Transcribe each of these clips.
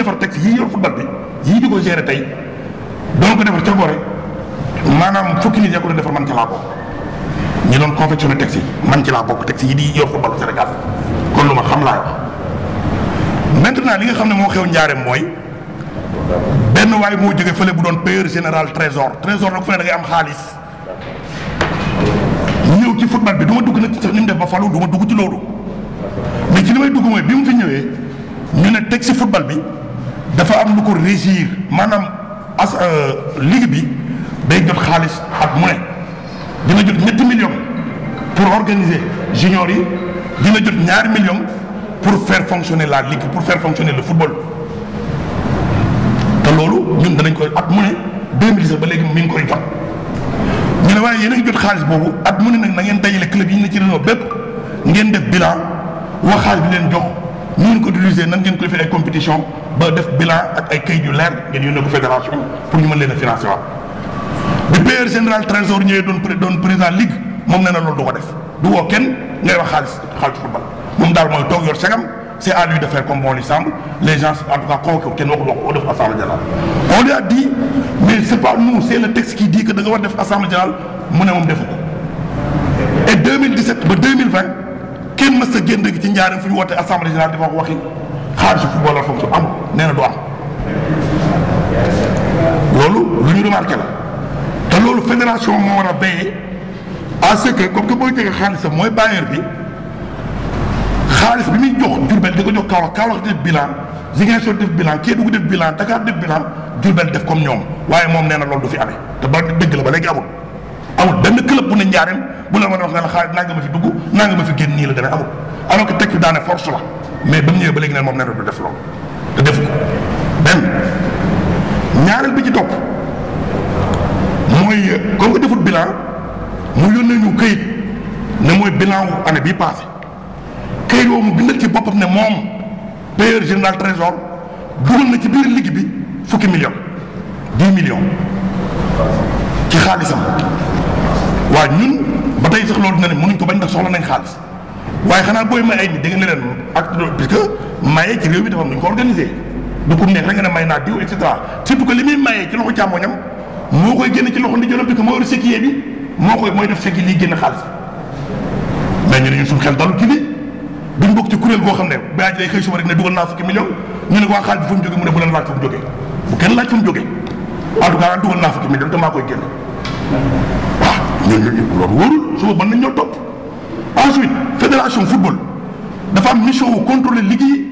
defar texte yii yor football bi yii di ko tey doon ko defar ca Gorée maanaam fukki nit yaa ko doon defar man ca laa bokk ñu doon confectionné texte yi man ci laa bokk texte yi di yor football bu Sénégal kon lu ma xam laay wax. maintenant li nga xam ne moo xew njaareem mooy benn waaye moo jóge fële bu doon payeur général trésor trésor nag fu da ngay am xaalis ñëw ci football bi du ma dugg nag sax ni mu def ba falu du ma dugg ci loolu mais ci li may dugg mooy bi fi ñëwee ñu ne teg si football bi. dafa am lu ko régir maanaam as euh, ligue bi day jot xaalis ak mu ne dina jot ñetti millions pour organiser junior yi dina jot ñaari millions pour faire fonctionner la ligue pour faire fonctionner le football te loolu ñun danañ koy at mu ne 2010 ba léegi mi ngi koy jot ñu ne waaye yéen jot xaalis boobu at mu ne nag na ngeen dajale club yi ñu ne ci réunion bépp ngeen def bilan wax xaalis bi leen jox. mu ngeen ko utiliser nan ngeen ko defee ay compétition ba def bilan ak ay kayit yu leer ngeen yónnee ko fédération pour ñu mën leen a financer waat bi payeur général trésor ñëwee doon doon président moom nee na du ko def du woo kenn ngay wax xaalis xaalis football moom daal mooy toog yor segam c'est à lui de faire comme bon lui semble les gens en tout cas convoqué kenn waxul wax ko def assemblée générale on lui a mais c'est pas nous c'est le texte qui dit da nga war def assemblée générale mu ne ko et 2017 kenn mës a génn dëgg ci njaaram fu ñu woote assemblée générale dafa waxi xaalisu footballeur foofu am nee na du am loolu lu ñu remarqué la te loolu fédération moo war a béyee à ce que comme que booy jege xaalisam mooy bailleur bi xaalis bi muy jox Diourbel di ko jox Kaolack Kaolack def bilan Ziguinchor def bilan Kédougou def bilan Dakar def bilan Diourbel def comme ñoom waaye moom nee na loolu du fi amee te ba dëgg la ba léegi amul. amul benn club bu ne njaareem bu la mën a wax nga ne xaalis naa nga ma fi dugg naa nga ma fi génn nii la demee amul alors que teg fi daane force la mais ba mu ñëwee ba léegi nag moom nee du def loolu te def ko ñaareel bi ci topp mooy comme que defut bilan mu yónnee ñu këyit ne mooy bilan wu année bii passé këyit woowu mu bindal ci boppam ne moom payeur général trésor dugal na ci biir liggéey bi fukki million dix millions ci xaalisam. waaw ñun ba tey sax loolu dina ne ko bañ ndax soxla nañ xaalis waaye xanaa booy may ay nit da nga ne leen ak puisque maye ci réew mi dafa am lu ko organisé du ko neex rek nga ne may naa diw et cetera surtout que li muy mayee ci loxo càmmoñam moo koy génn ci loxo ndijooram parce que moo yor séquier bi moo koy mooy def séquier lii génn xaalis mais ñu ne ñun suñu xel dalu ci lii duñ bokk ci kuréel goo xam ne bayaa ji day xëy suba rek ne dugal naa fukki million ñu ne ko waa xaalis bi fu mu jógee mu ne bu leen yooyu yëpp loolu wóorul suba mën nañ ñoo topp ensuite fédération football dafa am mission wu contrôler liggéey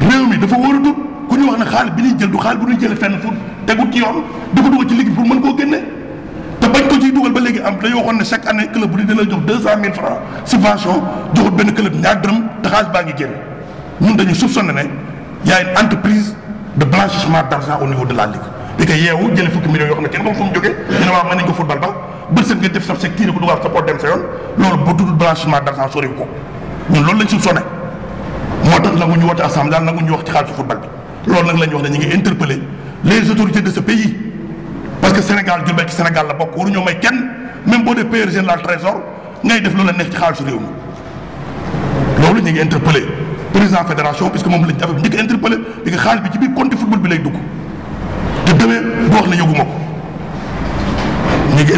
réew mi dafa wóoratul ku ñu wax ne xaalis bi ñuy jël du xaal bu ñuy jëlee fenn fu tegut ci yoon di ko dugal ci liggéey pour mën koo génne te bañ ko ciy dugal ba léegi am dañoo waxoon ne chaque année club bu di dina jox deux cent mille francs subvention joxut benn club ñaar dërëm te xaalis baa ngi génn ñun dañu soupçonné ne y a une entreprise de blanchissement d'argent au ko yeewu jëlee bët set nga def sa chèque tiire ko dugal sa poche dem sa yoon loolu bu tudd blanchiment d'argent sori ko ñun loolu lañ suñ sonné moo tax nangu ñu woote assemblée daal nangu ñu wax ci xaalisu football bi loolu nag la ñu wax ne ñu ngi interpeller les autorités de ce pays parce que Sénégal Diourbel ci Sénégal la bokk waruñoo may kenn même boo dee payeur général trésor ngay def loolu la neex ci xaalisu réew mi loolu ñu ngi interpeller président fédération puisque moom lañ affaire bi njëkk interpeller bi nga xaalis bi ci biir compte football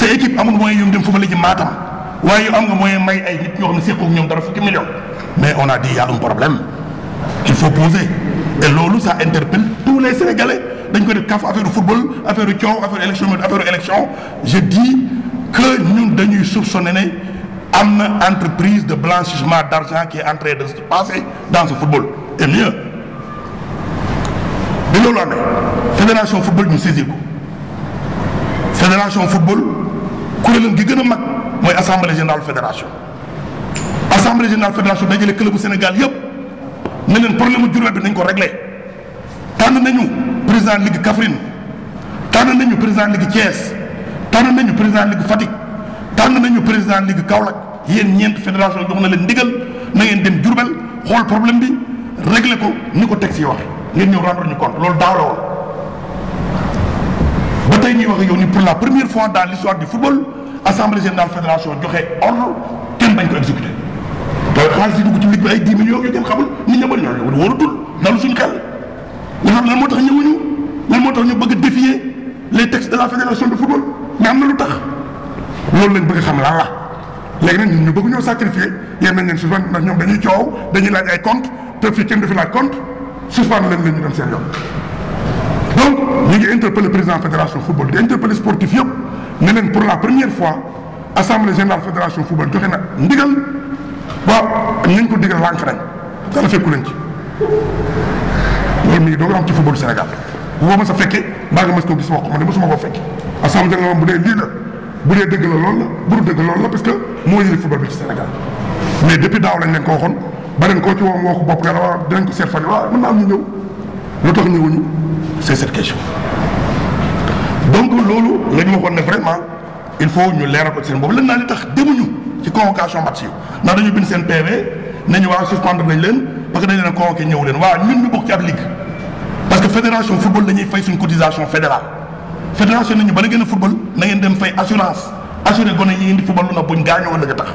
sa équipe amul moyen ñoom dem football ji Matam waaye yu am nga moyen may ay nit ñoo xam ne seqoo ñoom dara fukki million mais on a dit y a un problème qu'il faut poser et loolu ça interpelle tous les Sénégalais dañ ko def kaf affaire football affaire coow affaire élection affaire élection je dis que ñun dañuy soupçonné ne am na entreprise de blanchissement d'argent qui est en train de se passer dans ce football et mieux bi loolu amee fédération football ko fédération football kuréelam gi gën a mag mooy assemblée générale fédération. assemblée générale fédération day jëlee club bu Sénégal yëpp ne leen problème mu Diourbel bi nañ ko réglé tànn nañu président ligue Kaffrine tànn nañu président ligue Thiès tànn nañu président ligue Fatick tànn nañu président ligue Kaolack yéen ñeent fédération jox na leen ndigal na ngeen dem Diourbel xool problème bi réglé ko ni ko teg si wax ngeen ñëw rendre ñu compte loolu daaw ba tey ñuy wax yow ni pour la première fois dans l'histoire du football assemblée générale fédération joxe ordre kenn bañ ko exécuté te xaalis yi dugg ci ligue bi ay 10 millions yu kenn xamul nit ña bëri ñoo wóorutul dalu suñu xel nga moo tax ñu bëgg défier les textes de la fédération de football mais am na lu tax loolu lañ bëgg xam lan la léegi nag ñun ñu bëgg ñoo sacrifier yéen nañ leen suspendre ndax ñoom dañuy coow dañuy laaj ay compte te fii kenn du fi laaj seen yoon donc ñu ngi interpellé président fédération football di interpellé sportif yëpp ne leen pour la première fois assemblée générale fédération football joxe na ndigal waaw nañ ko digal lànk nañ dara fekku leen ci loolu mi ngi Sénégal bu ma sa fekkee mbaa nga mas koo gis wax ko ma ne mosuma koo fekkee assemblée générale bu dee lii la bu dee dëgg la loolu la bu dul mais depuis daaw lañ leen ko waxoon ba leen koo ci woon woo ko bopp dara waaw dinañ ko seet fan waaw mën naa am ñëw lu tax ñëwuñu c'est cette question donc loolu la ñu waxoon ne vraiment il faut ñu leeral ko seen boobu lan naa li tax demuñu ci convocation match yi ndax dañu bind seen PV nañu waa suspendre nañ leen parce que dañ leen convoqué ñëw leen waa ñun ñu bokk ci ab ligue parce que fédération football dañuy fay suñ cotisation fédérale fédération nañu bala gën a football na ngeen dem fay assurance assuré gone yi indi football lu na buñ gaañoo la nga tax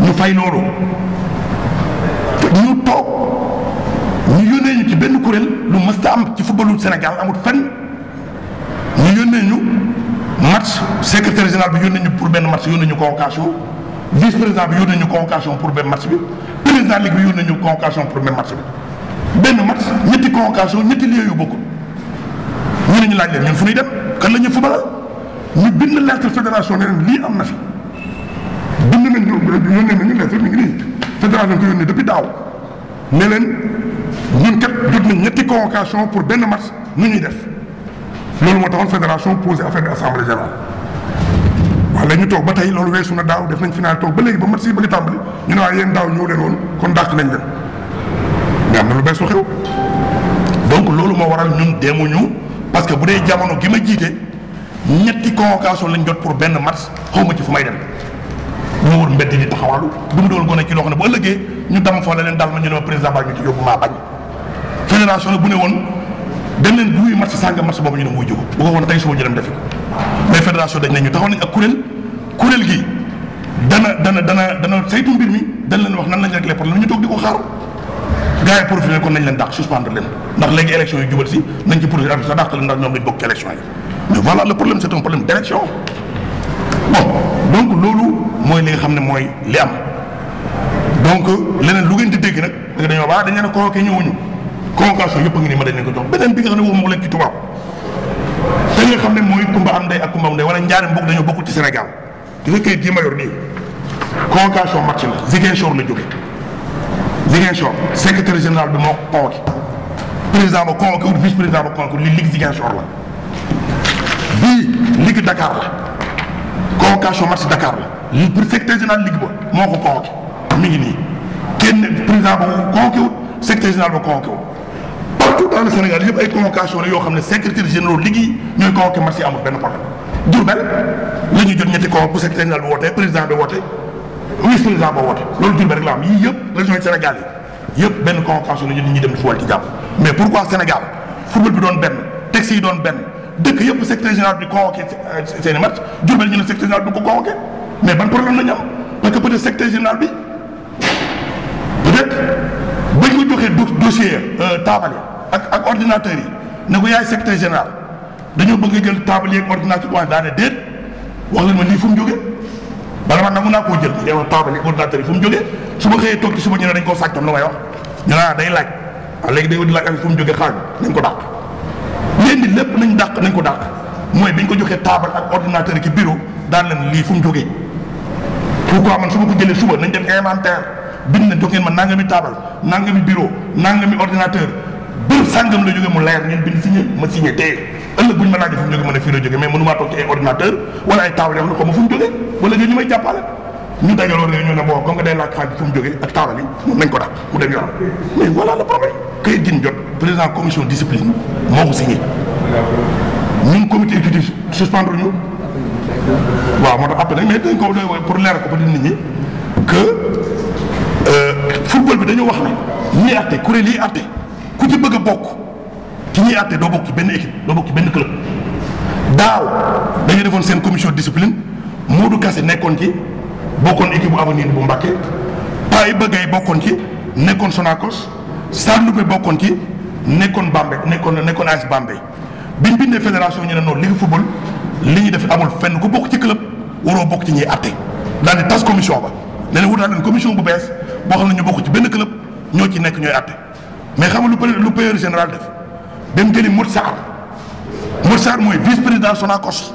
ñu fay loolu ñu toog ci benn kuréel lu mësta am ci lu Sénégal amut fenn ñu yónnee ñu match secrétaire général bi yónnee ñu pour benn match yónnee ñu convocation vice président bi yónnee ñu convocation pour benn match bi président ñu convocation pour benn match benn match ñetti convocation ñetti lieux yu bokkul ñu ne ñu laaj leen ñun fu ñuy dem kan la ñuy footballal ñu bind lettre fédération ne leen lii am na fi bind nañ yónnee nañu lettre mi ko yónnee depuis daaw ne ñun kat jot nañ ñetti convocation pour benn match nu ñuy def loolu moo taxoon fédération posé affaire bi assemblée générale wax la toog ba tey loolu weesu na daaw def nañ final toog ba léegi ba match yi bëgg tàmbali ñu ne waaye yéen daaw ñëw leen woon kon dàq nañ leen mais na lu ba lu xew donc loolu moo waral ñun demuñu parce que bu dee jamono gi ma jiite ñetti convocation lañ jot pour benn match xaw ma ci fu may dem ñu wër mbedd di taxawalu dundool gone ci loo xam ne bu ëllëgee ñu dam fa la leen dal ma ñu ne ma président ba ñu ci yóbbu bu ne woon dem leen boobu ñu ne muy jóg bu ko woon tey suba ñu dem defi ko mais fédération dañ ne ñu taxaw nañ ak kuréel kuréel gi dana dana dana dana saytu mbir mi dañ leen wax nan lañ réglé problème ñu toog di ko xaar gars yi profité kon nañ leen dàq suspendre leen ndax léegi élection yi jubal si nañ ci profité sax dàq leen ndax ñoom lañ bokk ci yi mais bon donc loolu mooy li nga xam ne mooy li am donc leneen lu ngeen di dégg nag da dañoo baax dañu leen a convoqué ñëwuñu convocation yëpp a ngi nii ma beneen bi nga xam ne moom lañ ci tubaab te nga xam ne mooy kumba am ndey ak kumba am ndey wala njaari mbokk dañoo bokkul ci Sénégal di nga kayit yi ma yor nii convocation match la Ziguinchor la jóge Ziguinchor secrétaire général bi moo convoqué président ba convoqué wul vice président ba convoqué li ligue Ziguinchor la bii ligue Dakar la convocation match Dakar la le secrétaire général ligue ba moo ko convoqué mi ngi nii kenn président ba convoqué wut secrétaire général ba convoqué wut partout dans le Sénégal yëpp ay convocation la yoo xam ne secrétaire général ligue yi ñooy convoqué match yi amul benn problème. Diourbel la ñuy jot ñetti convoqué bu secrétaire général bi wootee président bi woote vice président ba woote loolu Diourbel rek la am yii yëpp région Sénégal yi yëpp benn convocation la ñu nit ñi dem di football ci jàpp mais pourquoi Sénégal football doon benn texte yi doon benn. dëkk yëpp secrétaire général bi convoqué euh, seen i match Diourbel ñu ne secrétaire général bi ko convoqué mais ban problème la ñu am parce que peut-être général bi peut-être joxee ko joxee dossier euh, taabale ak ak ordinateur yi ne ko yaay secrétaire général dañoo bëgg jël taabale yeeg ordinateur waaye daa ne déet wax ma lii fu mu jógee bala ma nangu naa koo jël yow taabale ordinateur yi fu mu jógee su ma xëyee toog ci ma ñu ne dañ koo sàcc tam la may wax ñu naan ah, day laaj waaw ah, léegi day wut laaj ak fu mu jógee xaar dañ ko dàq. leen lépp nañ dàq nañ ko dàq mooy bi ñu ko joxee taabal ak ordinateur ki bureau daan leen lii fu mu jógee pourquoi man su suma ko jëlee suba nañ def inventaire bind na jox ngeen ma nangami taabal nangami bureau nangami ordinateur bërëb sàngam la jógee mu leer ngeen bind signé ma signé tey ëllëg bu ñu ma laajee fu mu jógee ma ne fii la jógee mais mënumaa toog ci ay ordinateur wala ay taabal yoo xam ma fu mu jógee wala ñu may jàppale ñu dajaloo réunion ne bon comme que day laaj xaalis bi fu mu jógee ak taawla bi nañ ko dàq mu dem yoonam mais voilà le problème. këyit gi ñu jot président commission discipline moo ko signé ñun comité exécutif suspendre ñu waaw moo tax après nag mais pour leeral ko ba nit ñi que euh, football bi dañu wax ne ñuy àtte kuréel yi àtte ku ci bëgg a bokk ci ñuy àtte doo bokk ci benn équipe doo bokk ci benn club daaw dañu defoon seen commission discipline Modou Kassé nekkoon ci. bokkoon équipe bu avenir bu Mbàkke Paa Iba Gaye bokkoon ci nekkoon sonakos Sonacos Sanloupé bokkoon ci nekkoon Bambey nekkoon nekkoon AS Bambey biñ bindee fédération ñu ne noonu ligue football li ñu def amul fenn ku bokk ci club waroo bokk ci ñuy àtte daal di tas commission ba ne leen wutaat leen commission bu bees boo xam ne ñu bokk ci benn club ñoo ci nekk ñooy àtte mais xam nga lu lu payeur général def dem jëli Modou Sarr Modou Sarr mooy vice président Sonacos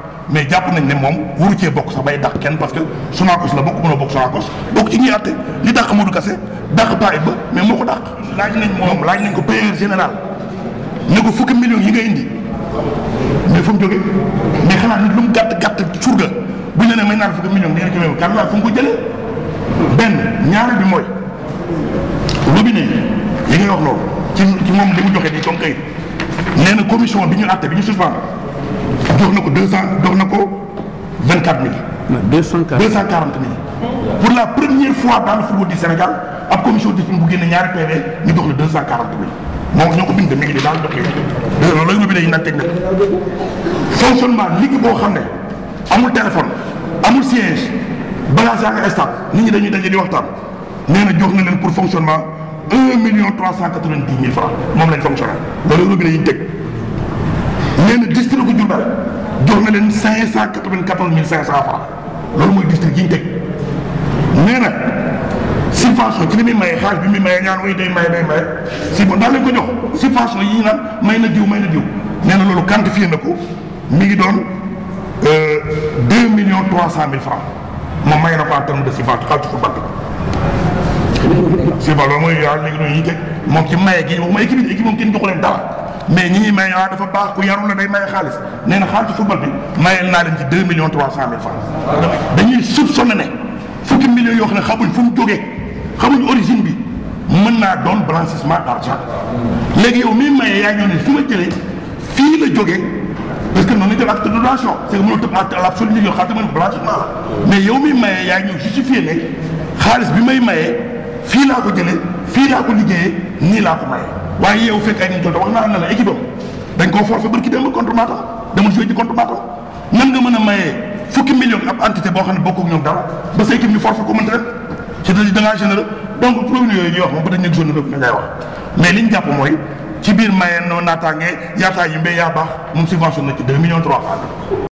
mais jàpp nañ ne moom waru cee bokk sax bay dàq kenn parce que Sonacos la bokk mën a bokk Sonacos bokk ci ñuy àtte li dàq Modou Kassé dàq Baye Ba mais moo ko dàq. laaj nañ moom laaj nañ ko payeur général ne ko fukki millions yi nga indi mais fu mu jógee mais xanaa lu mu gàtt gàtt surga bu ñu ne may naan fukki millions ngeen ci may fu mu ko jëlee. benn ñaari bi mooy robinet yi ngay wax loolu ci ci moom li mu joxee nii comme kayit nee na commission bi ñu àtte bi ñu suspendre. jox na ko deux cent jox na ko vingt quatre mille. deux cent quarante mille. pour la première fois dans le football Sénégal ab commission de bu génne ñaari PV ñu dox la deux cent quarante mille moom ñoo ko bind mi ngi di daal dox yi. loolu la ñu bi dañu naan teg nag boo xam ne amul téléphone amul siège bagage yaa nga stade nit ñi dañuy daje di waxtaan nee na jox na leen pour fonctionnement un million trois cent quatre mille moom lañ fonctionné loolu la ñu bi dañuy teg nee na district jox na cinq cent quatre-vingt-quatorze mille cinq cent francs loolu mooy district yi ñu teg nee na subvention ci li muy maye xaalis bi muy maye ñaan way day maye day maye si bon daal lañ ko jox yi may na diw may na diw nee na loolu quantifié na ko mi ngi doon euh, deux millions trois cent mille francs moom may na ko en terme de subvention xaalis su bant subvention mooy yaa léegi noonu yi teg moom ci maye gi moom équipe équipe moom kenn joxu leen dara mais ñi may ah dafa baax ku yaru la day maye xaalis nee na xaalisu football bi mayel naa leen ci deux millions trois cent mille francs dañuy soupçonné ne fukki millions yoo xam ne xamuñ fu mu origine bi mën naa doon blanchissement d'argent léegi yow mii maye yaa ñoo ne fu ma jëlee fii la jógee parce que noonu la ñu def acte de donation c'est que mënoo tëb acte à l'absolu mais yow mi maye yaa ñëw justifié ne xaalis bi may maye fii laa ko jëlee fii laa ko liggéeyee nii laa ko maye waaye yow fekk ay nañ jolta wax naa ne la équipe am dañ koo forfait barki démb contre Matam demul joué ji contre Matam nan nga mën a mayee fukki million ab entité boo xam ne bokkul ñoom dara ba sa équipe ñu forfait ko mënta rek c'est-à-dire donc problème yooyu ñuy wax moom ba dañ nekk zone rëb nga ngay wax mais li jàpp mooy ci biir maye noo naataange yaataa yi mbéy yaa baax moom subvention na ci deux millions trois